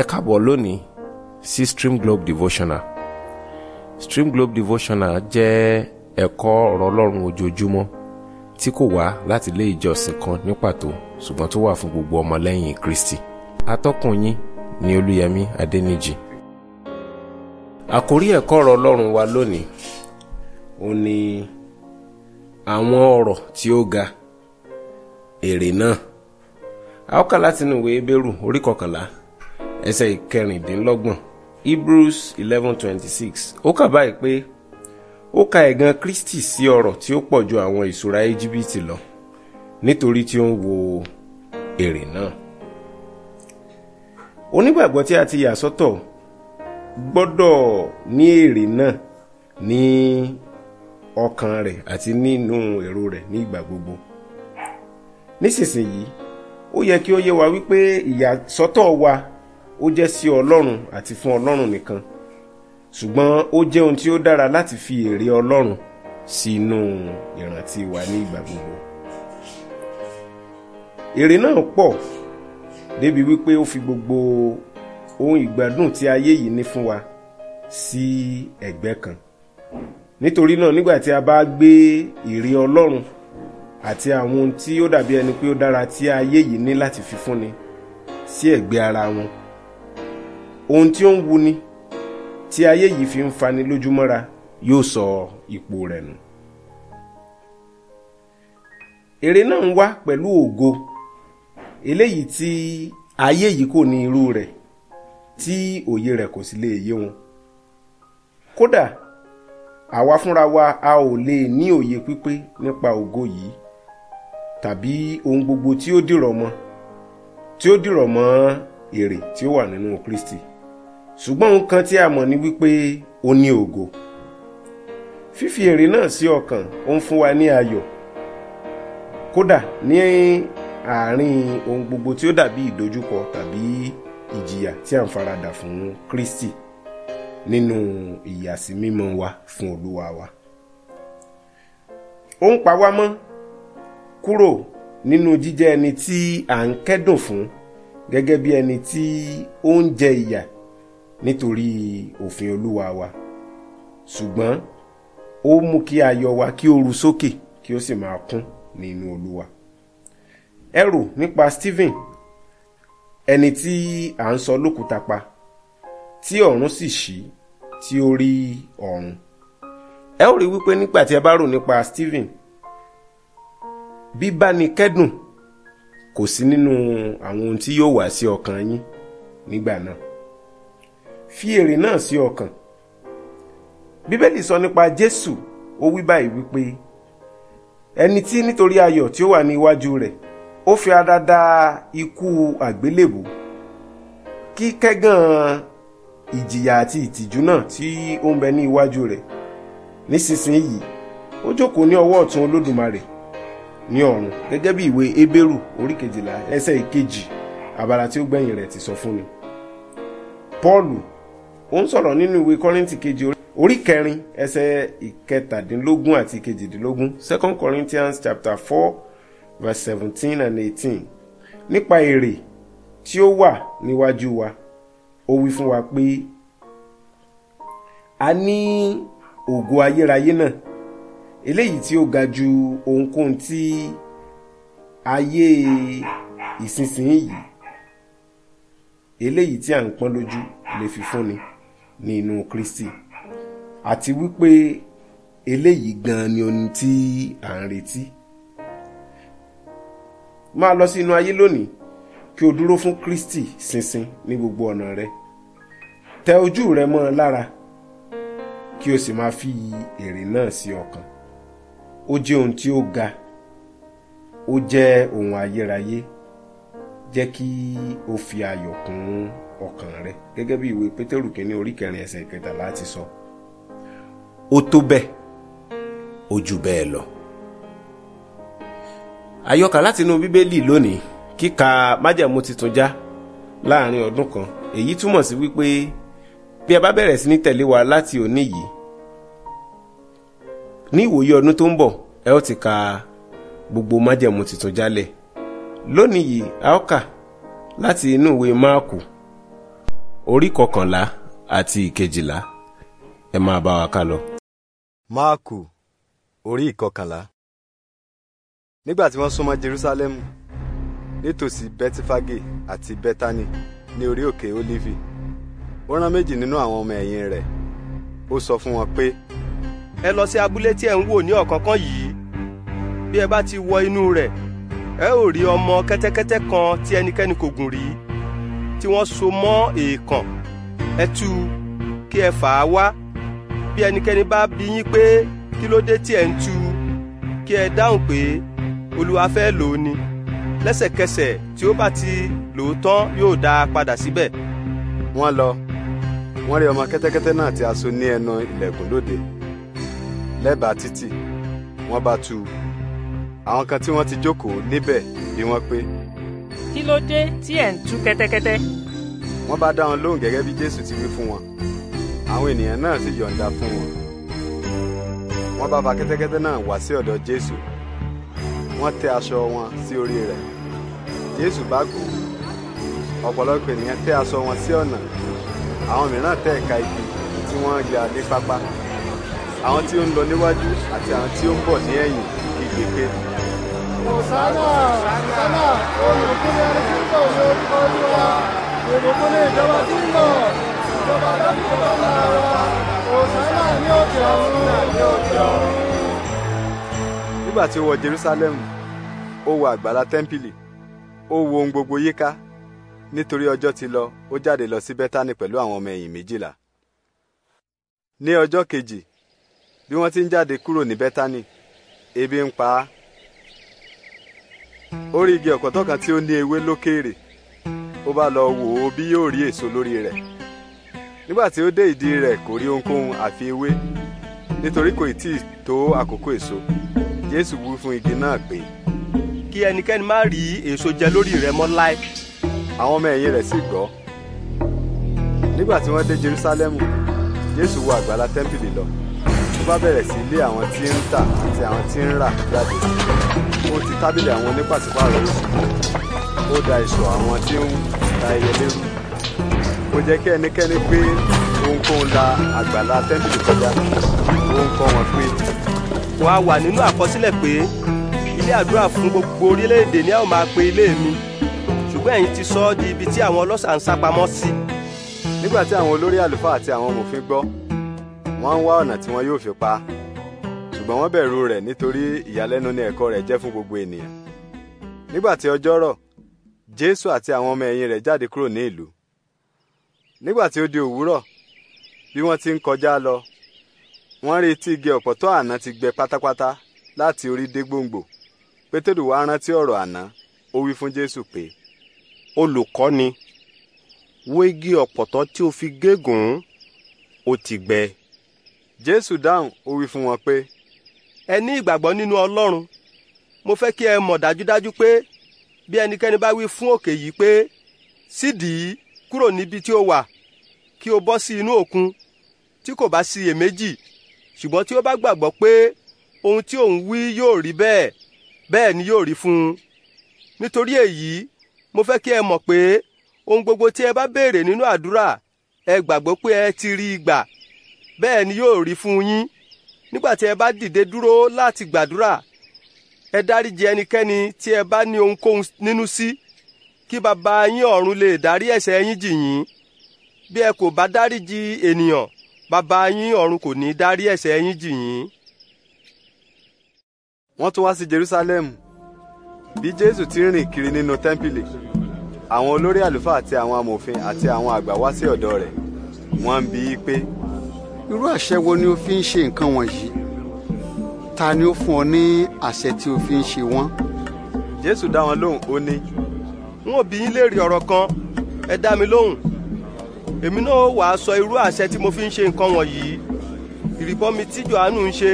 ẹ káàbọ̀ lónìí sí Stream Globe Devotional Stream Globe Devotional jẹ́ ẹ̀kọ́ ọ̀rọ̀ ọlọ́run ojoojúmọ́ tí kò wá láti ilé ìjọsìn kan ní pàtó ṣùgbọ́n tó wà fún gbogbo ọmọlẹ́yìn Kristi atọ́kùn yín ni Olúyẹmí Adẹ́nìjì àkórí ẹ̀kọ́ ọ̀rọ̀ ọlọ́run wa lónìí ó ní àwọn ọ̀rọ̀ tí ó ga èrè náà a ó kà látinú ìwé Hébérù orí kọkànlá ẹsẹ̀ ìkẹrìndínlọ́gbọ̀n Hebrews eleven twenty six ó kà báyìí pé ó ka ẹ̀gàn Kristi sí ọrọ̀ tí ó pọ̀ ju àwọn ìṣúra Íjíbítì lọ nítorí tí ó ń wo èrè náà onígbàgbọ́ tí a ti yà sọ́tọ̀ gbọ́dọ̀ ní èrè náà ní ọkàn rẹ̀ àti nínú èrò rẹ̀ ní ìgbà gbogbo nísinsìnyí ó yẹ kí ó yé wa wípé ìyàsọ́tọ̀ wa ó jẹ́ sí ọlọ́run àti fún ọlọ́run nìkan ṣùgbọ́n ó jẹ́ ohun tí ó dára láti fi èrè ọlọ́run sí inú ìrántí wa ní ìgbà gbogbo èrè náà pọ̀ débi wípé ó fi gbogbo ohun ìgbádùn tí ayé yìí ní fún wa sí ẹ̀gbẹ́ kan nítorí náà nígbà tí a bá gbé èrè ọlọ́run àti àwọn ohun tí ó dàbí ẹni pé ó dára tí ayé yìí ní láti fi fúnni sí ẹ̀gbẹ́ ara wọn ohun tí ó ń wuni tí ayé yìí fi ń fani lójúmọ́ra yóò sọ ipò rẹ̀ nù. èrè náà ń wá pẹ̀lú ògo eléyìí tí ayé yìí kò ní irú rẹ̀ tí òye rẹ̀ kò sì lè yé wọn. kódà àwa fúnra wa a ò lè ní òye pípé nípa ògo yìí tàbí ohun gbogbo tí ó dìrọ̀ mọ́ tí ó dìrọ̀ mọ́ èrè tí ó wà nínú Kristi. No ṣùgbọ́n ohun kan tí a mọ̀ ni wípé ó ní ògo fífi èrè náà sí ọkàn ó ń fún wa ní ayọ̀ kódà ní àárín ohun gbogbo tí ó dàbí ìdojúkọ tàbí ìjìyà tí a ń faradà fún Kristi nínú ìyàsímímọ́ wa fún Olúwa wa ó ń pa wá mọ́ kúrò nínú jíjẹ́ ẹni tí à ń kẹ́dùn fún gẹ́gẹ́ bí ẹni tí ó ń jẹ ìyà nítorí òfin olúwa wa ṣùgbọ́n ó mú kí ayọ̀ wa kí ó ru sókè kí ó sì máa kún nínú olúwa ẹ rò nípa Stephen ẹni tí à ń sọ lókùúta pa tí ọ̀run sì ṣí tí ó rí ọ̀run ẹ ó rí wípé nígbà tí ẹ bá rò nípa Stephen bíbánikẹ́dùn kò sí nínú àwọn ohun tí yóò wá sí ọkàn yín nígbà náà fi èrè náà sí ọkàn bíbélì sọ nípa jésù ó wí báyìí wípé ẹni tí nítorí ayọ̀ tí ó wà ní iwájú rẹ̀ ó fi ara da ikú àgbélébù kí kẹ́gàn ìjìyà àti ìtìjú náà tí ó ń bẹ ní iwájú rẹ̀ nísinsìnyí ó jókòó ní ọwọ́ ọ̀tún olódùmarè ní ọ̀run gẹ́gẹ́ bí ìwé ebérù orí kejìlá ẹsẹ̀ ìkejì abala tí ó gbẹ̀yìn rẹ̀ ti sọ fún ni pọ́ọ̀lù ó ń sọ̀rọ̀ nínú ìwé kọ́rìntì kejì orí kẹrin ẹsẹ̀ ìkẹtàdínlógún àti ìkejìdínlógún second corinthians chapter four verse seventeen and eighteen nípa èrè tí ó wà níwájú wa ó wí fún wa pé a ní ògo ayérayé náà eléyìí tí ó ga ju ohunkóhun tí ayé ìsinsìnyí eléyìí tí à ń pọ́n lójú lè fi fúnni nínú Kristi àti wípé eléyìí gan ni ohun tí à ń retí máa lọ sínú ayé lónìí kí o dúró fún Kristi ṣinṣin ní gbogbo ọ̀nà rẹ tẹ ojú rẹ mọ́ ọ lára kí o sì máa fi èrè náà sí ọkàn ó jẹ́ ohun tí ó ga ó jẹ́ ohun ayérayé jẹ́ kí o fi ayọ̀ kún ọkàn rẹ gẹ́gẹ́ bí ìwé pétérù kínní orí kẹrin ẹsẹ̀ kẹtàlá ti sọ. ó tó bẹ́ẹ̀ ó jù bẹ́ẹ̀ lọ. àyọkà látinú bíbélì lónìí kíka májẹ̀mú titun já láàrin ọdún kan èyí túmọ̀ sí wípé bí ẹ bá bẹ̀rẹ̀ sí ní tẹ̀lé wa láti òní yìí ní ìwòye ọdún tó ń bọ̀ ẹ ó ti ka gbogbo májẹ̀mú titun jálẹ̀ lónìí yìí a láti inú ìwé máàkù orí kọkànlá àti ìkejìlá ẹ máa bá wa ká lọ. máàkù orí ìkọkànlá nígbà tí wọ́n súnmọ́ jerúsálẹ́mù nítòsí bẹ́tífágè àti bẹ́tánì ní orí òkè ólífì ó rán méjì nínú àwọn ọmọ ẹ̀yìn rẹ̀ ó sọ fún wọn pé. ẹ lọ sí abúlé tí ẹ ń wò ní ọ̀kánkán yìí bí ẹ bá ti wọ inú rẹ̀ ẹ ó rí ọmọ kẹ́tẹ́kẹ́tẹ́ kan tí ẹnikẹ́ni kò gùn rí tí wọ́n so mọ́ èèkàn ẹ tú u kí ẹ fà á wá bí ẹnikẹ́ni bá bi yín pé kí ló dé tí ẹ ń tú u kí ẹ dáhùn pé olúwa fẹ́ lò ó ni lẹ́sẹ̀kẹsẹ̀ tí ó bá ti lò ó tán yóò dá a padà síbẹ̀. wọ́n lọ wọ́n rí ọmọ kẹ́tẹ́kẹ́tẹ́ náà tí a so ní ẹnu ilẹ̀kùn lóde lẹ́bàá títì wọ́n bá tú àwọn kan tí wọ́n ti jókòó níbẹ̀ bí wọ́n pé kí ló dé tí ẹ̀ ń tú kẹ́tẹ́kẹ́tẹ́. wọ́n bá dá wọn lóhùn gẹ́gẹ́ bí jésù ti wí fún wọn àwọn ènìyàn náà sì yọ̀ǹda fún wọn. wọ́n bá fa kẹ́tẹ́kẹ́tẹ́ náà wá sí ọ̀dọ̀ jésù wọ́n tẹ aṣọ wọn sí orí rẹ̀ jésù bá gùn ọ̀pọ̀lọpọ̀ ènìyàn tẹ aṣọ wọn sí ọ̀nà àwọn mìíràn tẹ ẹ̀ka igi tí wọ́n ya ní pápá àwọn tí ó ń lọ níwájú àti àwọn tí ó ń bọ̀ ní ẹ̀yìn kígbe hòsánà hòsánà olùkúlẹ̀ tí kò yọ orúkọ olúwa ìbùkúnlẹ̀ ìjọba tí ń lọ ìjọba dábìlì lọ́la wa hòsánà ní òkè ọ̀run ní òkè ọ̀run. nígbà tí ó wọ jerusalem ó wọ àgbàlá tẹ́ḿpìlì ó wo ohun gbogbo yíká nítorí ọjọ́ ti lọ ó jáde lọ sí bẹ́tánì pẹ̀lú àwọn ọmọ ẹ̀yìn méjìlá ní ọjọ́ kejì bí wọ́n ti ń jáde kúrò ní bẹ́tánì ebi ń pa á ó rí igi ọ̀pọ̀tọ́ kan tí ó ní ewé lókèèrè ó bá lọ wò ó bí yóò rí èso lórí rẹ̀ nígbà tí ó dé ìdí rẹ̀ kò rí ohunkóhun àfi ewé nítorí kò tí ì tó àkókò èso jésù wú fún igi náà pé. kí ẹnikẹ́ni má rí èso jẹ lórí rẹ̀ mọ́ láé. àwọn ọmọ ẹ̀yìn rẹ̀ sì gbọ́. nígbà tí wọ́n dé jerúsálẹ́mù jésù wọ àgbàlá tẹ́ḿpìlì lọ ó bá bẹ̀rẹ̀ sí ilé àwọn tí ń tà àti àwọn tí ń rà jáde tábìlì àwọn onípàṣípààrọ̀ ó da ìṣọ̀ àwọn tí ń ta ẹyẹ lérú kò jẹ́ kí ẹnikẹ́ni gbé ohunkóhun la àgbàlá tẹ́ḿpìlì kọjá ó pé. wọ́n á wà nínú àkọsílẹ̀ pé ilé àdúrà fún gbogbo orílẹ̀-èdè ni a máa pe ilé mi ṣùgbọ́n ẹ̀yin ti sọ ọ́ di ibi tí àwọn ọlọ́ṣà ń sápamọ́ sí. nígbà tí àwọn olórí àlùfáà àti àwọn òmòfin gbọ́ wọ́n ń wá ọ̀nà tí wọ́n yóò fi pa á ṣùgbọ́n wọ́n bẹ̀rù rẹ̀ nítorí ìyàlẹ́nu ni ẹ̀kọ́ rẹ̀ jẹ́ fún gbogbo ènìyàn. nígbà tí ọjọ́ rọ̀ jésù àti àwọn ọmọ ẹ̀yìn rẹ̀ jáde kúrò ní ìlú. nígbà tí ó di òwúrọ̀ bí wọ́n ti ń kọjá lọ wọ́n rí tí igi ọ̀pọ̀tọ́ àná ti gbẹ pátápátá láti orí dé gbòǹgbò pétérù wá rántí ọ̀rọ̀ àná ó wí fún jésù pé. olùkọ́ni wo igi ọ̀pọ̀tọ́ tí o fi gégùn ún ó ti gbẹ. jésù dáhùn ó wí fún wọn pé ẹ ní ìgbàgbọ́ nínú ọlọ́run mo fẹ́ kí ẹ mọ̀ dájúdájú pé bí ẹnikẹ́ni bá wí fún òkè yìí pé sídìí kúrò níbi tí ó wà kí o bọ́ sí inú òkun tí kò bá sí iyèméjì ṣùgbọ́n tí ó bá gbàgbọ́ pé ohun tí òun wí yóò rí bẹ́ẹ̀ bẹ́ẹ̀ ni yóò rí fún un nítorí èyí mo fẹ́ kí ẹ mọ̀ pé ohun gbogbo tí ẹ bá béèrè nínú àdúrà ẹ gbàgbọ́ pé ẹ ti rí i gbà bẹ́ẹ̀ ni yóò rí fún yín nígbà ẹ bá dìde dúró láti gbàdúrà ẹ dáríji ẹnikẹ́ni tí ẹ bá ní ohunkóhun nínú sí kí bàbá yín ọ̀run lè dárí ẹ̀ṣẹ̀ yín jì bí ẹ kò bá dáríji ènìyàn bàbá yín ọ̀run kò ní dárí ẹ̀ṣẹ̀ yín jì wọ́n tún wá sí Jerusalem bí Jésù ti rìn kiri nínú tẹ́ḿpìlì àwọn olórí àlùfáà àti àwọn amòfin àti àwọn àgbà wá sí ọ̀dọ̀ rẹ̀ wọ́n ń bi í pé irú àṣẹ wo ni o fi ń ṣe nǹkan wọ̀nyí ta ni ó fún ọ ní àṣẹ tí o fi ń ṣe wọ́n. jésù dá wọn lóhùn ó ní n ò bi yín léèrè ọ̀rọ̀ kan ẹ dá mi lóhùn èmi náà wàá sọ irú àṣẹ tí mo fi ń ṣe nǹkan wọ̀nyí ìrìbọmi tí johannu ń ṣe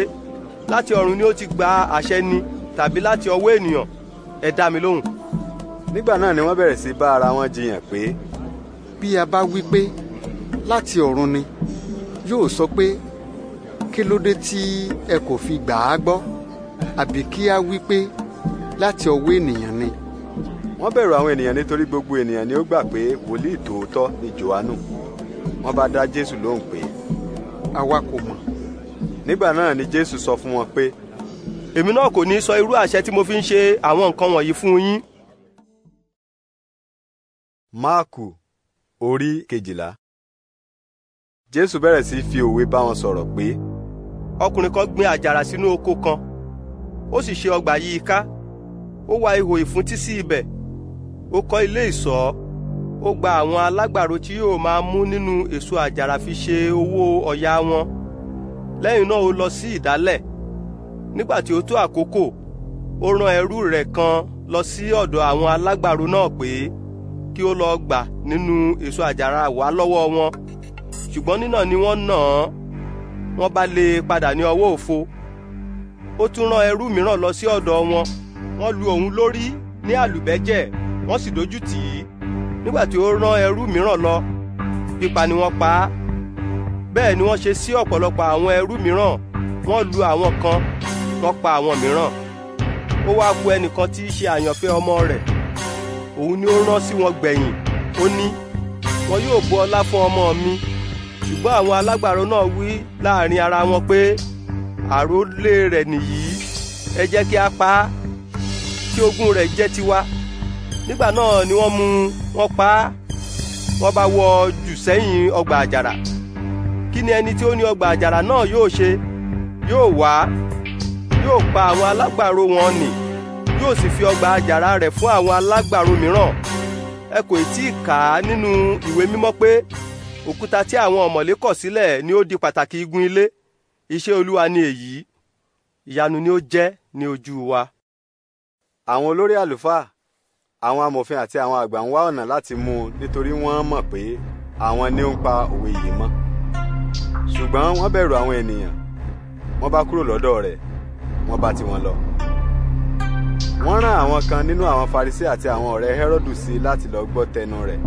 láti ọ̀run ni ó ti gba àṣẹ ni tàbí láti ọwọ́ ènìyàn ẹ dá mi lóhùn. nígbà náà ni wọ́n bẹ̀rẹ̀ sí bá ara wọn jiyàn pé. bí a bá wí pé láti ọ̀run ni yóò sọ pé kí ló dé tí ẹ kò fi gbà á gbọ́ àbí kí á wí pé láti ọwọ́ ènìyàn ni. wọ́n bẹ̀rù àwọn ènìyàn nítorí gbogbo ènìyàn ni ó gbà pé wòlíì tòótọ́ ni Jòhánù wọ́n bá dá Jésù lóhùn pé. àwa kò mọ̀. nígbà náà ni Jésù sọ fún wọn pé. èmi náà kò ní sọ irú àṣẹ tí mo fi ń ṣe àwọn nǹkan wọ̀nyí fún yín. Máàkù orí kejìlá jésù bẹ̀rẹ̀ sí fi òwe bá wọn sọ̀rọ̀ pé. ọkùnrin kan gbin àjàrà sínú oko kan ó sì ṣe ọgbà yí i ká ó wa ihò ìfúntí sí ibẹ̀ ó kọ́ ilé ìṣọ́ ó gba àwọn alágbàro tí yóò máa mú nínú èso àjàrà fi ṣe owó ọ̀yà wọn lẹ́yìn náà ó lọ sí ìdálẹ̀ nígbà tí ó tó àkókò ó rán ẹrú rẹ̀ kan lọ sí ọ̀dọ̀ àwọn alágbàro náà pé kí ó lọ gbà nínú èso àjàrà wá lọ́wọ́ wọn ṣùgbọ́n nínà ni wọ́n nà án wọ́n bá lé e padà ní ọwọ́ òfo ó tún rán ẹrú mìíràn lọ sí ọ̀dọ̀ wọn wọ́n lu òun lórí ní àlùbẹ́jẹ̀ wọ́n sì dojú tì í nígbà tí ó rán ẹrú mìíràn lọ pípa ni wọ́n pa á bẹ́ẹ̀ ni wọ́n ṣe sí ọ̀pọ̀lọpọ̀ àwọn ẹrú mìíràn wọ́n lu àwọn kan wọ́n pa àwọn mìíràn ó wá ku ẹnìkan tí í ṣe àyànfẹ́ ọmọ rẹ̀ òun ni ó rán sí wọn gbẹ̀yìn ó ní wọn yóò bu ọlá fún ọmọ mi ṣùgbọ́n àwọn alágbàro náà wí láàrin ara wọn pé àrólé rẹ̀ nìyí ẹ jẹ́ kí a pa á kí ogún rẹ̀ jẹ́ tiwa nígbà náà ni wọ́n mú wọn pa á wọ́n bá wọ́ jù sẹ́yìn ọgbà àjàrà kí ni ẹni tí ó ní ọgbà àjàrà náà yóò ṣe yóò wá yóò pa àwọn alágbàro wọn nì yóò sì fi ọgbà àjàrà rẹ̀ fún àwọn alágbàro mìíràn ẹ kò tí ì kà á nínú ìwé mímọ́ pé òkúta tí àwọn ọ̀mọ̀lé kọ̀ sílẹ̀ ni ó di pàtàkì igun ilé iṣẹ́ olúwa ni èyí ìyanu ni ó jẹ́ ní ojú wa. àwọn olórí àlùfáà àwọn amòfin àti àwọn àgbà ń wá ọ̀nà láti mú un nítorí wọ́n mọ̀ pé àwọn ni ó ń pa òwe yìí mọ́ ṣùgbọ́n wọ́n bẹ̀rù àwọn ènìyàn wọ́n bá kúrò lọ́dọ̀ rẹ̀ wọ́n bá tiwọn lọ. wọ́n rán àwọn kan nínú àwọn Farisí àti àwọn ọ̀rẹ́ Hẹ́rọ́dù sí láti lọ gbọ́ tẹnu rẹ̀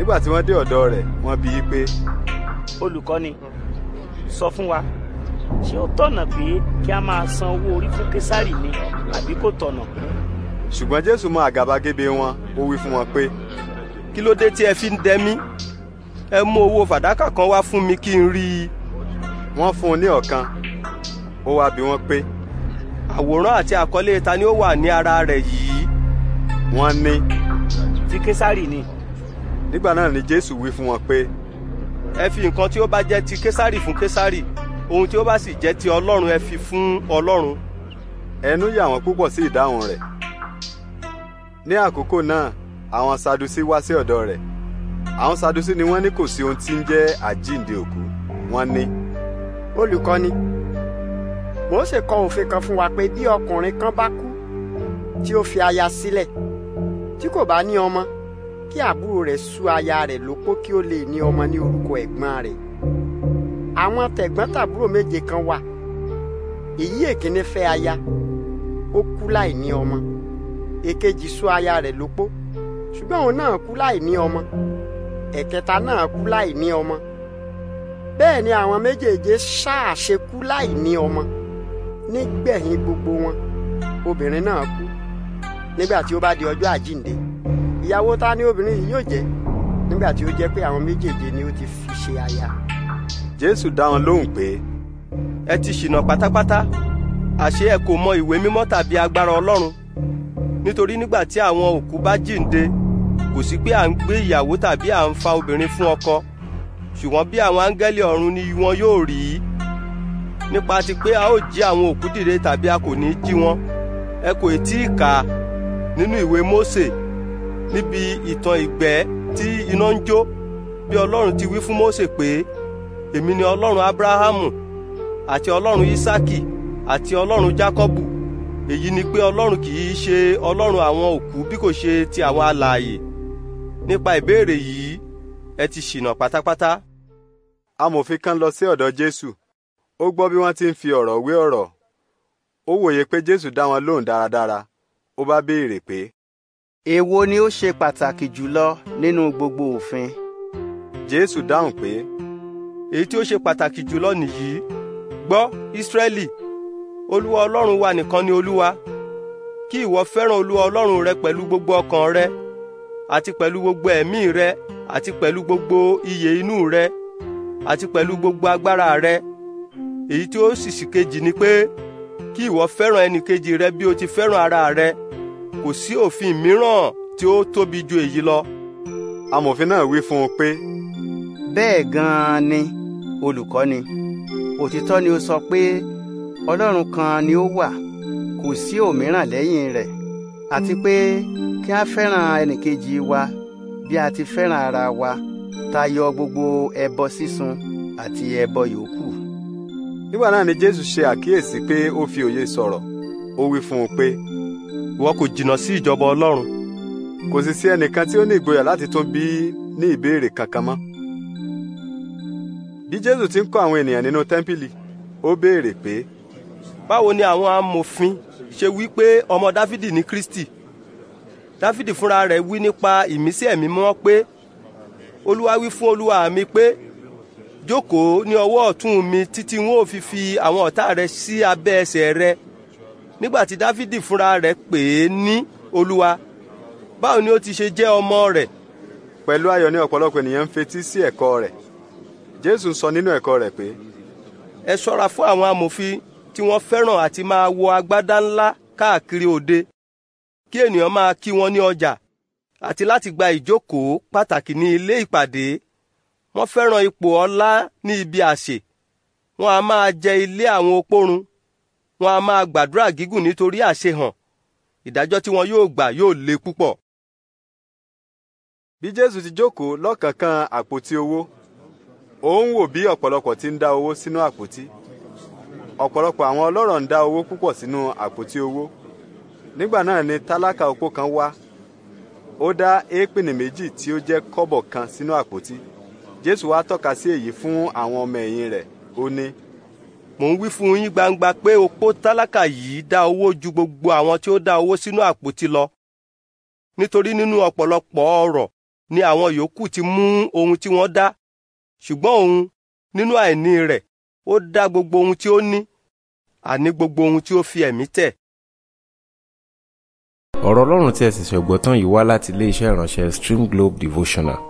nígbà tí wọ́n dé ọ̀dọ̀ rẹ̀ wọ́n bi í pé. olùkọ́ni sọ fún wa ṣé ó tọ̀nà pé kí a máa san owó orí fún késàrì ni àbí kò tọ̀nà. ṣùgbọ́n jésù mọ àgàbàgebè wọn ó wí fún wọn pé. kí ló dé tí ẹ fi ń dẹ mí ẹ mú owó fàdákà kan wá fún mi kí n rí i. wọ́n fún un ní ọ̀kan ó wá bi wọ́n pé. àwòrán àti àkọlé ta ni ó wà ní ara rẹ̀ yìí. wọ́n ní. ti késàrì ni. Wani, nígbà náà ni jésù wí fún wọn pé. ẹ fi nǹkan tí ó bá jẹ́ ti késárì fún késárì ohun tí ó bá sì jẹ́ ti ọlọ́run ẹ fi fún ọlọ́run. ẹnu yà wọ́n púpọ̀ sí ìdáhùn rẹ̀. ní àkókò náà àwọn sadusi wá sí ọ̀dọ̀ rẹ̀ àwọn sadusi ni wọ́n ní kò sí ohun tí ń jẹ́ àjíǹde òkú wọ́n ní. olùkọ́ni Mósè kọ òfin kan fún wa pé bí ọkùnrin kan bá kú tí ó fi aya sílẹ̀ tí kò bá ní ọmọ kí àbúrò rẹ̀ su aya rẹ̀ lópó kí ó lè ní ọmọ ní orúkọ ẹ̀gbọ́n rẹ̀ àwọn tẹ̀gbọ́n-tàbúrò méje kan wà èyí èkíní fẹ́ aya ó kú láì ní ọmọ èkejì su aya rẹ̀ lópó ṣùgbọ́n òun náà kú láì ní ọmọ ẹ̀kẹta náà kú láì ní ọmọ bẹ́ẹ̀ ni àwọn méjèèje ṣáàṣe kú láì ní ọmọ nígbẹ̀yìn gbogbo wọn obìnrin náà kú nígbà tí ó bá di ọjọ́ àjíǹde ìyàwó ta ni obìnrin yìí yóò jẹ́ nígbà tí ó jẹ́ pé àwọn méjèèjì ni ó ti fi ṣe aya. jésù dá wọn lóhùn pé ẹ ti ṣìnà pátápátá àṣé ẹ kò mọ ìwé mímọ́ tàbí agbára ọlọ́run nítorí nígbà tí àwọn òkú bá jíǹde kò sí pé à ń gbé ìyàwó tàbí à ń fa obìnrin fún ọkọ ṣùgbọ́n bí àwọn áńgẹ́lì ọ̀run ni wọn yóò rí i nípa ti pé a ó jí àwọn òkú dìde tàbí a kò ní í jí wọn ẹ kò tí ì kà nínú ìwé Mósè níbi ìtàn ìgbẹ́ tí iná ń jó bí ọlọ́run ti wí fún Mósè pé èmi ni ọlọ́run abrahamu àti ọlọ́run isaki àti ọlọ́run jacobu èyí ni pé ọlọ́run kì í ṣe ọlọ́run àwọn òkú bí kò ṣe ti àwọn alààyè nípa ìbéèrè yìí ẹ ti ṣìnà pátápátá. amòfin kan lọ sí ọ̀dọ̀ jésù ó gbọ́ bí wọ́n ti ń fi ọ̀rọ̀ wé ọ̀rọ̀ ó wòye pé jésù dá wọn lóhùn dáradára ó bá béèrè pé. Èwo ni ó ṣe pàtàkì jùlọ nínú gbogbo òfin? Jésù dáhùn pé, èyí tí ó ṣe pàtàkì jùlọ nìyí. Gbọ́, Ísírẹ́lì, Olúwa Ọlọ́run wa nìkan ni Olúwa. Kí ìwọ fẹ́ràn Olúwa Ọlọ́run rẹ pẹ̀lú gbogbo ọkàn rẹ, àti pẹ̀lú gbogbo ẹ̀mí rẹ, àti pẹ̀lú gbogbo iyè inú rẹ, àti pẹ̀lú gbogbo agbára rẹ. Èyí tí ó sì sì kejì ni pé, kí ìwọ fẹ́ràn ẹnìkejì rẹ bí o ti fẹ́ràn ara rẹ kò sí òfin mìíràn tí ó tóbi ju èyí lọ. amòfin náà wí fún un pé. bẹ́ẹ̀ gan-an ni olùkọ́ni òtítọ́ ni ó sọ pé ọlọ́run kan ni ó wà kò sí òmíràn lẹ́yìn rẹ̀ àti pé kí a fẹ́ràn ẹnìkejì wa bí a ti fẹ́ràn ara wa tayọ gbogbo ẹbọ sísun àti ẹbọ yòókù. nígbà náà ni jésù ṣe àkíyèsí pé ó fi òye sọ̀rọ̀ ó wí fún un pé ìwọ kò jìnnà sí ìjọba ọlọ́run. kò sì sí ẹnìkan tí ó ní ìgboyà láti tún bí ní ìbéèrè kankan mọ́. bí jésù ti ń kọ́ àwọn ènìyàn nínú tẹ́ḿpìlì ó béèrè pé. báwo ni àwọn amòfin ṣe wí pé ọmọ dáfídì ní kristi dáfídì fúnra rẹ̀ wí nípa ìmísí ẹ̀mí mọ́ pé olúwa wí fún olúwa mi pé jókòó ní ọwọ́ ọ̀tún mi títí wọn ò fi fi àwọn ọ̀tá rẹ sí abẹ́ ẹsẹ̀ rẹ nígbà tí dáfídì fúnra rẹ̀ pè é ní olúwa báwo ni ó ti ṣe jẹ́ ọmọ rẹ̀. pẹ̀lú ayọ̀ ni ọ̀pọ̀lọpọ̀ ènìyàn ń fetí sí ẹ̀kọ́ rẹ̀ jésù sọ nínú ẹ̀kọ́ rẹ̀ pé. ẹ ṣọ́ra fún àwọn amòfin tí wọ́n fẹ́ràn àti máa wọ agbádá ńlá káàkiri òde kí ènìyàn máa kí wọn ní ọjà àti láti gba ìjókòó pàtàkì ní ilé ìpàdé wọ́n fẹ́ràn ipò ọlá ní ibi àsè wọ́n a máa jẹ ilé àwọn opórun wọn a máa gbàdúrà gígùn nítorí àṣehàn ìdájọ́ tí wọn yóò gbà yóò le púpọ̀. bí jésù ti jókòó lọ́kànkan àpótí owó ó ń wò bí ọ̀pọ̀lọpọ̀ ti ń dá owó sínú àpótí ọ̀pọ̀lọpọ̀ àwọn ọlọ́rọ̀ ń dá owó púpọ̀ sínú àpótí owó nígbà náà ni tálákà opó kan wá ó dá éèpìnì méjì tí ó jẹ́ kọ́bọ̀ kan sínú àpótí jésù wá tọ́ka sí èyí fún àwọn ọmọ ẹ̀yìn rẹ̀ ó ní mò ń wí fún yín gbangba pé opó tálákà yìí dá owó ju gbogbo àwọn tí ó dá owó sínú àpótí lọ nítorí nínú ọ̀pọ̀lọpọ̀ ọrọ̀ ni àwọn yòókù ti mú ohun tí wọ́n dá ṣùgbọ́n òun nínú àìní rẹ̀ ó dá gbogbo ohun tí ó ní àní gbogbo ohun tí ó fi ẹ̀mí tẹ̀. ọ̀rọ̀ ọlọ́run tí ẹ sì ṣẹ̀gbọ́n tán yìí wá láti ilé ìránṣẹ́ Stream Globe Devotional